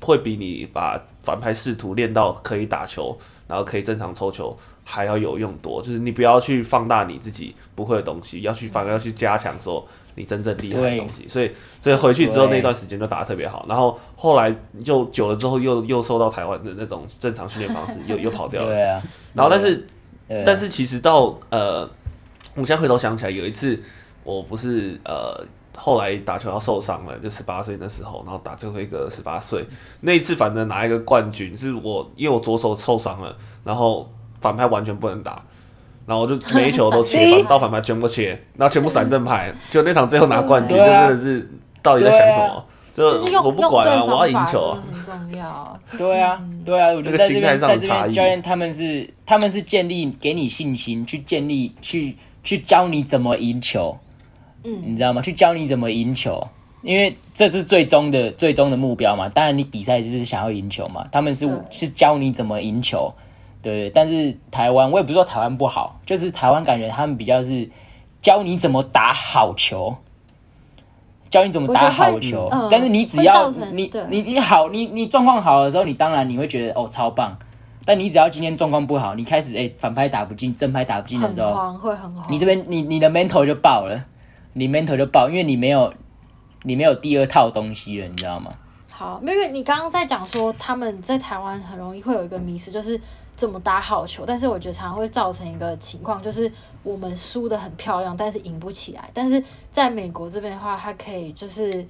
會比你把反拍試圖練到可以打球，然後可以正常抽球還要有用多。就是你不要去放大你自己不會的東西，要去反而要去加強說。”你真正厲害的東西，所以所以回去之後那段時間就打得特別好，然後後來就久了之後又又受到台灣的那種正常訓練方式又又跑掉了，然後但是但是其實到呃，我現在回頭想起來有一次我不是呃後來打球要受傷了，就十八歲那時候，然後打最後一個十八歲那一次，反正拿一個冠軍是我因為我左手受傷了，然後反拍完全不能打。然後我就每一球都切，到反拍全部切，然後全部閃正拍。就那場最後拿冠軍，就真的是到底在想什麼？就我不管啊，我要贏球啊！很重要啊！對啊，對啊！這個心態上的差異。教練他們是他們是建立給你信心，去建立去去教你怎麼贏球。嗯，你知道嗎？去教你怎麼贏球，因為這是最終的最終的目標嘛。當然你比賽就是想要贏球嘛。他們是是教你怎麼贏球。對，但是台灣，我也不是說台灣不好，就是台灣感覺他們比較是教你怎麼打好球，教你怎麼打好球。呃、但是你只要你你你好，你你狀況好的時候，你當然你會覺得哦超棒。但你只要今天狀況不好，你開始哎反拍打不進，正拍打不進的時候，你這邊你你的 mental 就爆了，你 mental 就爆，因為你沒有你沒有第二套東西了，你知道嗎？好，沒有，你剛剛在講說他們在台灣很容易會有一個迷失，就是。怎麼打好球，但是我覺得常常會造成一個情況，就是我們輸得很漂亮，但是贏不起來。但是在美國這邊的話，他可以就是，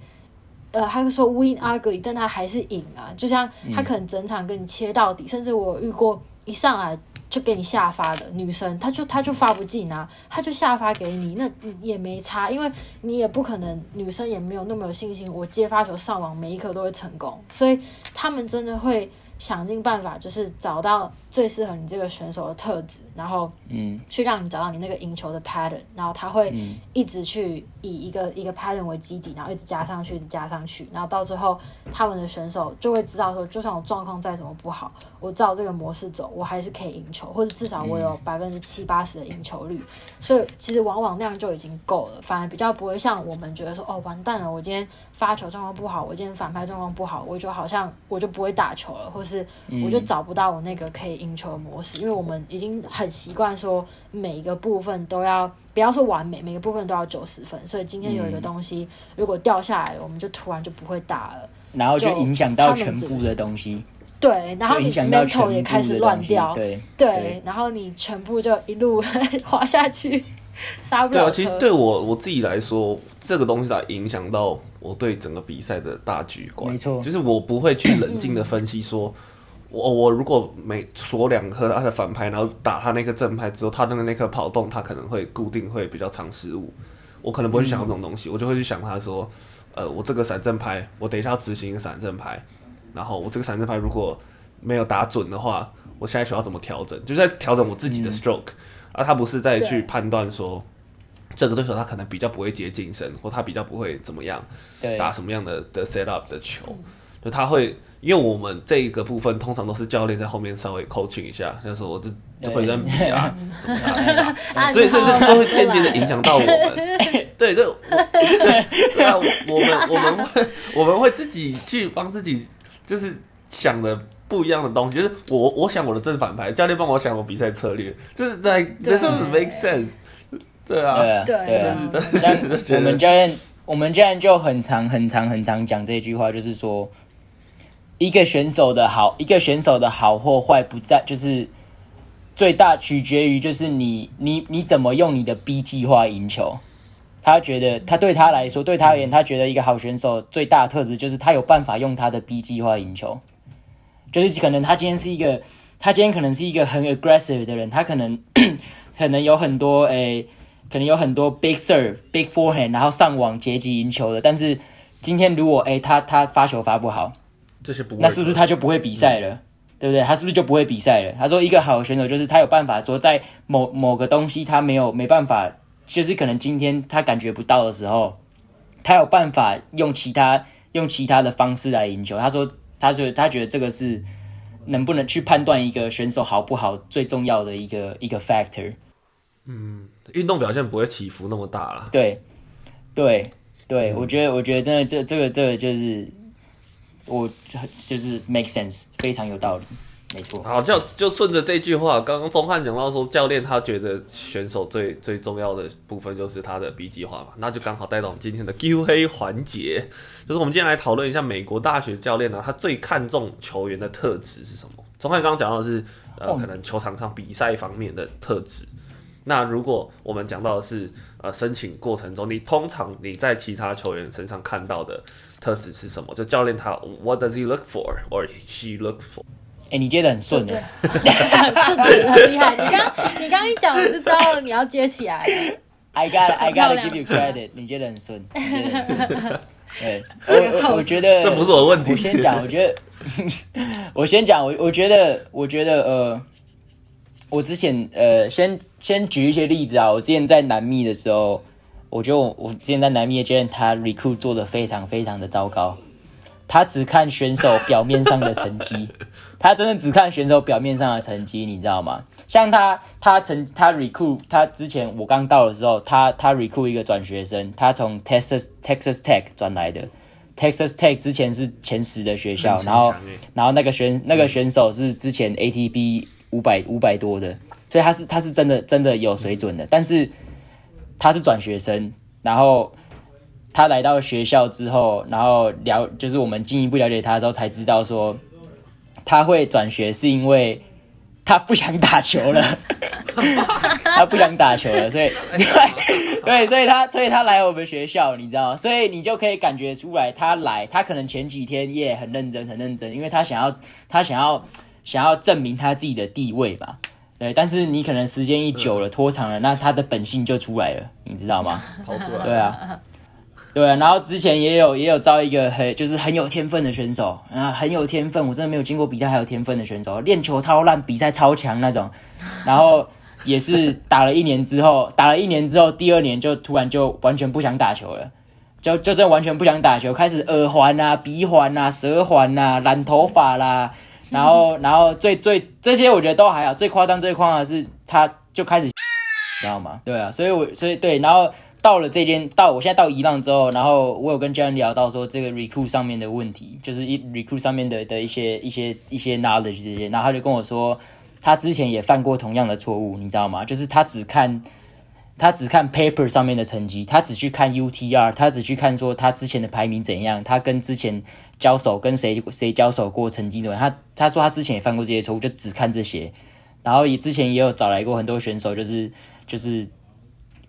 呃，他就說 win ugly，但他還是贏啊。就像他可能整場跟你切到底，嗯、甚至我遇過一上來就給你下發的女生，他就他就發不進啊，他就下發給你，那也沒差，因為你也不可能，女生也沒有那麼有信心，我接發球上網每一顆都會成功，所以他們真的會想盡辦法，就是找到。最適合你這個選手的特質，然後嗯，去讓你找到你那個贏球的 pattern，然後他會一直去以一個一個 pattern 為基底，然後一直加上去一直加上去，然後到最後他們的選手就會知道說，就算我狀況再怎麼不好，我照這個模式走，我還是可以贏球，或者至少我有百分之七八十的贏球率。所以其實往往那樣就已經夠了，反而比較不會像我們覺得說哦完蛋了，我今天發球狀況不好，我今天反拍狀況不好，我就好像我就不會打球了，或是我就找不到我那個可以，贏球模式，因為我們已經很習慣說每一個部分都要不要說完美，每個部分都要九十分，所以今天有一個東西如果掉下來了，我們就突然就不會打了，然後就影響到全部的東西，對，然後你，mental 也開始亂掉，對對，然後你全部就一路滑下去，對啊，其實對我我自己來說，這個東西啊影響到我對整個比賽的大局觀，沒錯，就是我不會去冷靜的分析說。嗯我我如果沒鎖兩顆他的反拍，然後打他那顆正拍之後，他那個那顆跑動，他可能會固定會比較長失誤。我可能不會去想到這種東西，我就會去想他說，呃，我這個閃正拍，我等一下要執行一個閃正拍，然後我這個閃正拍如果沒有打準的話，我下一球要怎麼調整？就是在調整我自己的 stroke 而他不是在去判斷說，這個對手他可能比較不會接近身，或他比較不會怎麼樣，打什麼樣的的 setup 的球。就他會，因為我們這一個部分通常都是教練在後面稍微 coaching 一下，他、就是、說我就對這就會在米啊， *laughs* 怎麼樣？所以，所以 *laughs* 都會間接的影響到我們。 *laughs* 對，就 *laughs* 對、啊，那我們我們會我們會自己去幫自己，就是想的不一樣的東西。就是我我想我的正反拍，教練幫我想我比賽策略，就是在、like, 對，就是 make sense。對啊，對啊，對啊、就是。 *laughs* 我們教練，我們教練就很常很常很常講這句話，就是說。一個選手的好，一個選手的好或壞，不在就是最大取決於就是你你你怎麼用你的 B 計劃贏球。他覺得，他對他來說，對他而言，他覺得一個好選手最大的特質就是他有辦法用他的 B 計劃贏球。就是可能他今天是一個，他今天可能是一個很 aggressive 的人，他可能 *coughs* 可能有很多誒、哎，可能有很多 big serve、big forehand，然後上網截擊贏球的。但是今天如果誒、哎、他他發球發不好。這些不會那是不是他就不會比賽了，嗯、對不對？他是不是就不會比賽了？他說，一個好的選手就是他有辦法說，在某某個東西他沒有沒辦法，就是可能今天他感覺不到的時候，他有辦法用其他用其他的方式來贏球。他說他覺得，他說他覺得這個是能不能去判斷一個選手好不好最重要的一個一個 factor。嗯，運動表現不會起伏那麼大了。對，對，對，嗯、我覺得，我覺得真的，這這個這個就是。我就是 make sense，非常有道理，沒錯。好，就就順着這句話，剛剛鍾漢講到說，教練他覺得選手最最重要的部分就是他的 B 計劃嘛，那就剛好帶到我們今天的 QA 環節，就是我們今天來討論一下美國大學教練呢、啊，他最看重球員的特質是什麼？鍾漢剛剛講到的是，呃，可能球場上比賽方面的特質。Oh. 那如果我們講到的是呃申請過程中，你通常你在其他球員身上看到的特質是什麼？就教練他，What does he look for or she look for？哎、欸，你接的很順，的很厲害。你剛你剛一講我就知道了你要接起來。I got I got to give you credit，、嗯、你接的很順。 *laughs* 對，我我覺得這不是我的問題。我先講，我覺得我,我先講，我我覺得我,我覺得,我覺得,我覺得呃，我之前呃先。先舉一些例子啊！我之前在南密的時候，我就我，我之前在南密也覺得他 recruit 做的非常非常的糟糕。他只看選手表面上的成績， *laughs* 他真的只看選手表面上的成績，你知道嗎？像他，他成他 recruit，他之前我剛到的時候，他他 recruit 一個轉學生，他從 Texas Texas Tech 轉來的，Texas Tech 之前是前十的學校，嗯、然後、嗯、然後那個選、嗯、那個選手是之前 ATP 五百五百多的。所以他是他是真的真的有水準的，但是他是轉學生，然後他來到學校之後，然後了就是我們進一步了解他之後才知道說，他會轉學是因為他不想打球了， *laughs* 他不想打球了，所以對，對，所以他所以他來我們學校，你知道嗎？所以你就可以感覺出來，他來他可能前幾天也很認真很認真，因為他想要他想要想要證明他自己的地位吧。對，但是你可能時間一久了，拖長了，那他的本性就出來了，你知道嗎？跑出來。對啊，對啊。然後之前也有也有招一個很就是很有天分的選手，啊，很有天分，我真的沒有見過比他還有天分的選手，練球超爛，比賽超強那種。然後也是打了一年之後，打了一年之後，第二年就突然就完全不想打球了，就就是完全不想打球，開始耳環啊、鼻環啊、舌環啊、染頭髮啦。然後，然後最最這些我覺得都還好，最誇張、最誇張的是，他就開始，你知道嗎？對啊，所以我所以對，然後到了這間到我現在到一浪之後，然後我有跟家人聊到說這個 recruit 上面的問題，就是一 recruit 上面的的一些一些一些 knowledge 這些，然後他就跟我說，他之前也犯過同樣的錯誤，你知道嗎？就是他只看。.他只看 paper 上面的成績，他只去看 UTR，他只去看說他之前的排名怎樣，他跟之前交手跟誰誰交手過，成績怎麼樣。他他說他之前也犯過這些錯誤，就只看這些。然後也之前也有找來過很多選手，就是，就是就是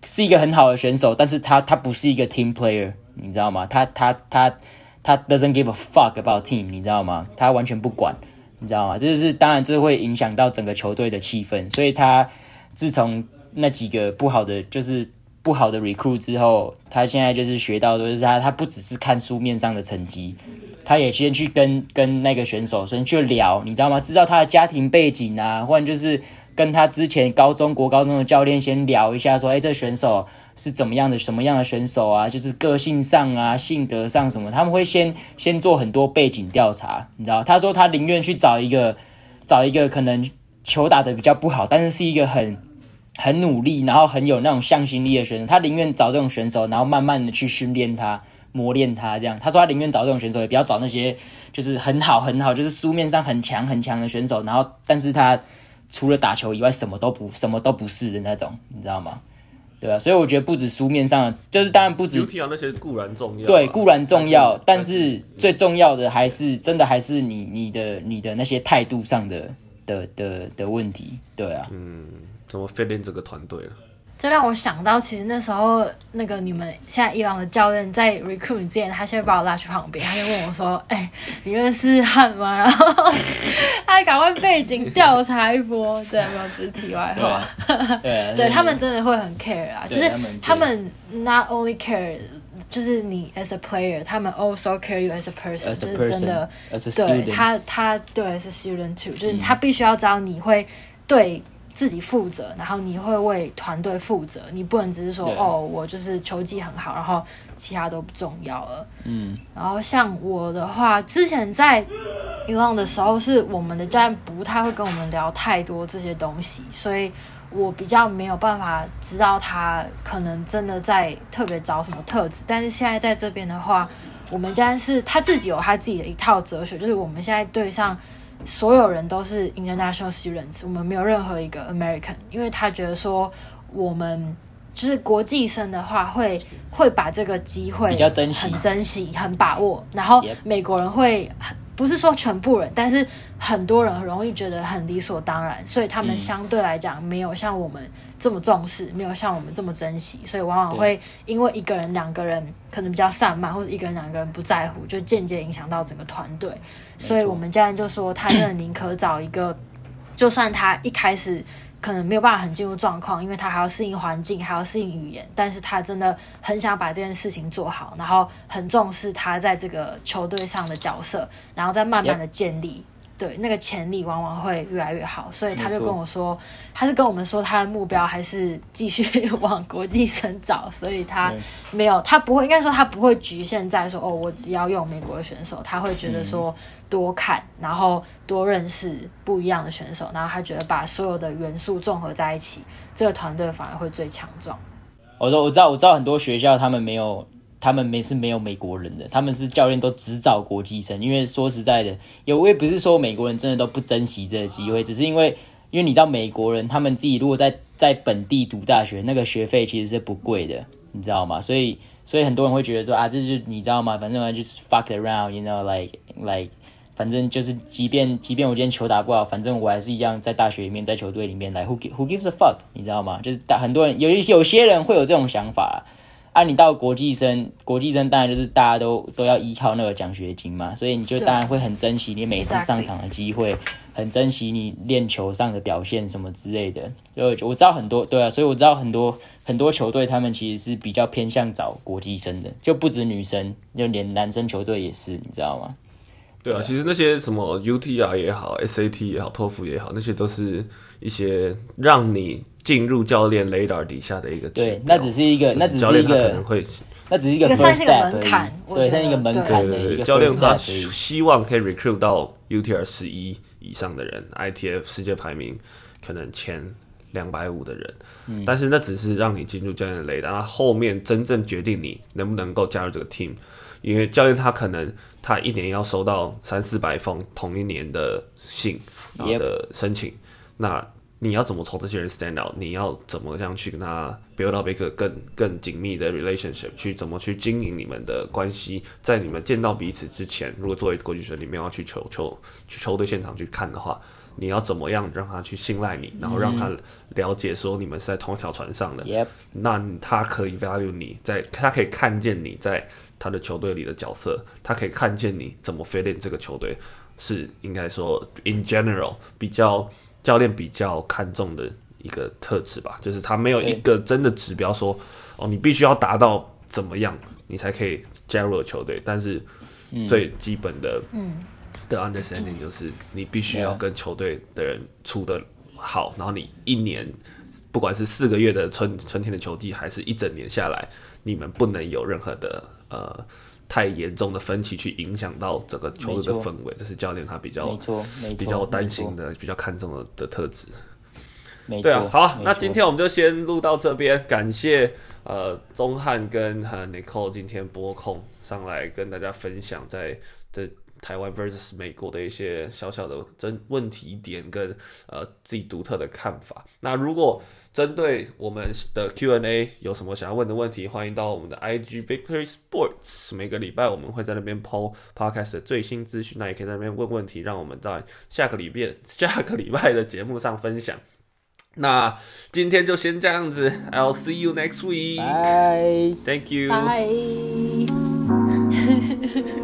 是一個很好的選手，但是他他不是一個 team player，你知道嗎？他他他他 doesn't give a fuck about team，你知道嗎？他完全不管，你知道嗎？這就是當然這會影響到整個球隊的氣氛，所以他自從。那幾個不好的，就是不好的 recruit 之後，他現在就是學到的就是他，他不只是看書面上的成績，他也先去跟跟那個選手先去聊，你知道嗎？知道他的家庭背景啊，或者就是跟他之前高中、國高中的教練先聊一下，說，誒這選手是怎麼樣的，什麼樣的選手啊？就是個性上啊、性格上什麼，他們會先先做很多背景調查，你知道？他說他寧願去找一個找一個可能球打得比較不好，但是是一個很。很努力，然後很有那種向心力的選手，他寧願找這種選手，然後慢慢的去訓練他，磨練他，這樣。他說他寧願找這種選手，也不要找那些就是很好很好，就是書面上很強很強的選手，然後但是他除了打球以外什麼都不什麼都不是的那種，你知道嗎？對啊，所以我覺得不止書面上的，就是當然不止那些固然重要，對固然重要，但是，但是最重要的還是、嗯、真的還是你你的你的那些態度上的的的的，的問題，對啊，嗯。怎麼 fit in 這個團隊了？這讓我想到，其實那時候那個你們現在伊朗的教練在 recruit 之前，他先把我拉去旁邊，他就問我說：“哎，你是漢嗎？”然後他還趕快背景調查一波。對，沒有，只是題外話。對，對他們真的會很 care 啊，就是他們 not only care，就是你 as a player，他們 also care you as a person，就是真的對他，他對 as student too，就是他必須要知道你會對。自己負責，然後你會為團隊負責，你不能只是說哦，我就是球技很好，然後其他都不重要了。嗯，然後像我的話，之前在 Elon 的時候，是我們的教練不太會跟我們聊太多這些東西，所以我比較沒有辦法知道他可能真的在特別找什麼特質。但是現在在這邊的話，我們家是他自己有他自己的一套哲學，就是我們現在對上。所有人都是 international students，我們沒有任何一個 American，因為他覺得說我們就是國際生的話，會會把這個機會很珍惜、很把握，然後美國人會很。不是說全部人，但是很多人很容易覺得很理所當然，所以他們相對來講沒有像我們這麼重視，嗯、沒有像我們這麼珍惜，所以往往會因為一個人、兩個人可能比較散漫，對或者一個人、兩個人不在乎，就間接影響到整個團隊。錯所以我們教練就說，他認為寧可找一個，就算他一開始。可能沒有辦法很進入狀況，因為他還要適應環境，還要適應語言。但是他真的很想把這件事情做好，然後很重視他在這個球隊上的角色，然後再慢慢的建立。Yep. 對，那個潛力往往會越來越好，所以他就跟我說，錯他是跟我們說他的目標還是繼續往國際生找。所以他沒有，對他不會，應該說他不會局限在說哦，我只要用美國的選手，他會覺得說多看，嗯、然後多認識不一樣的選手，然後他覺得把所有的元素綜合在一起，這個團隊反而會最強壯。我說我知道，我知道很多學校他們沒有。他們沒是沒有美國人的，他們是教練都只找國際生，因為說實在的，也我也不是說美國人真的都不珍惜這個機會，只是因為，因為你知道美國人他們自己如果在在本地讀大學，那個學費其實是不貴的，你知道嗎？所以所以很多人會覺得說啊，就是你知道嗎？反正我就是 fuck around，you know，like like，反正就是即便即便我今天球打不好，反正我還是一樣在大學裡面，在球隊裡面來 who who gives a fuck，你知道嗎？就是很多人有有些人會有這種想法啊。啊，你到國際生，國際生當然就是大家都都要依靠那個獎學金嘛，所以你就當然會很珍惜你每次上場的機會，很珍惜你練球上的表現什麼之類的。就我知道很多，對啊，所以我知道很多很多球隊他們其實是比較偏向找國際生的，就不止女生，就連男生球隊也是，你知道嗎？對啊，其實那些什麼 UTR 也好，SAT 也好，托福也好，那些都是一些讓你進入教練雷達底下的一個、嗯、對，那只是一個，那只是教練他可能會一個，那只是一個算是一個門檻，對，一個門檻的一個。教練他希望可以 recruit 到 UTR 十一以上的人對，ITF 世界排名可能前兩百五的人，嗯、但是那只是讓你進入教練雷達，那後面真正決定你能不能夠加入這個 team，因為教練他可能。他一年要收到三四百封同一年的信 Yep. 然後的申請，那你要怎麼從這些人 stand out？你要怎麼樣去跟他 build up 一個更更緊密的 relationship？去怎麼去經營你們的關係？在你們見到彼此之前，如果作為國際學生，你們要去求求去球隊現場去看的話，你要怎麼樣讓他去信賴你，mm. 然後讓他了解說你們是在同一條船上的，Yep. 那他可以 value 你在，他可以看見你在。他的球隊裡的角色，他可以看見你怎麼 fit in 這個球隊，是應該說 in general 比較教練比較看重的一個特質吧，就是他沒有一個真的指標說，對 哦，你必須要達到怎麼樣，你才可以加入球隊。但是最基本的的 understanding 就是，你必須要跟球隊的人處的好，對 然後你一年，不管是四個月的春春天的球季，還是一整年下來，你們不能有任何的。呃，太嚴重的分歧去影響到整個球隊的氛圍，這沒錯，是教練他比較沒錯，比較擔心的，沒錯，比較看重的沒錯，看重的特質。沒錯，對啊，好啊，沒錯，那今天我們就先錄到這邊，感謝呃鍾漢跟、呃、Nicole 今天撥空上來跟大家分享在在台灣 versus 美國的一些小小的真問題點跟呃自己獨特的看法。那如果針對我們的 Q&A 有什麼想要問的問題，歡迎到我們的 IG Victory Sports。每個禮拜我們會在那邊拋 po Podcast 的最新資訊，那也可以在那邊問問題，讓我們在下個禮拜下個禮拜的節目上分享。那今天就先這樣子，I'll see you next week。拜 Bye. Thank you. Bye. *laughs*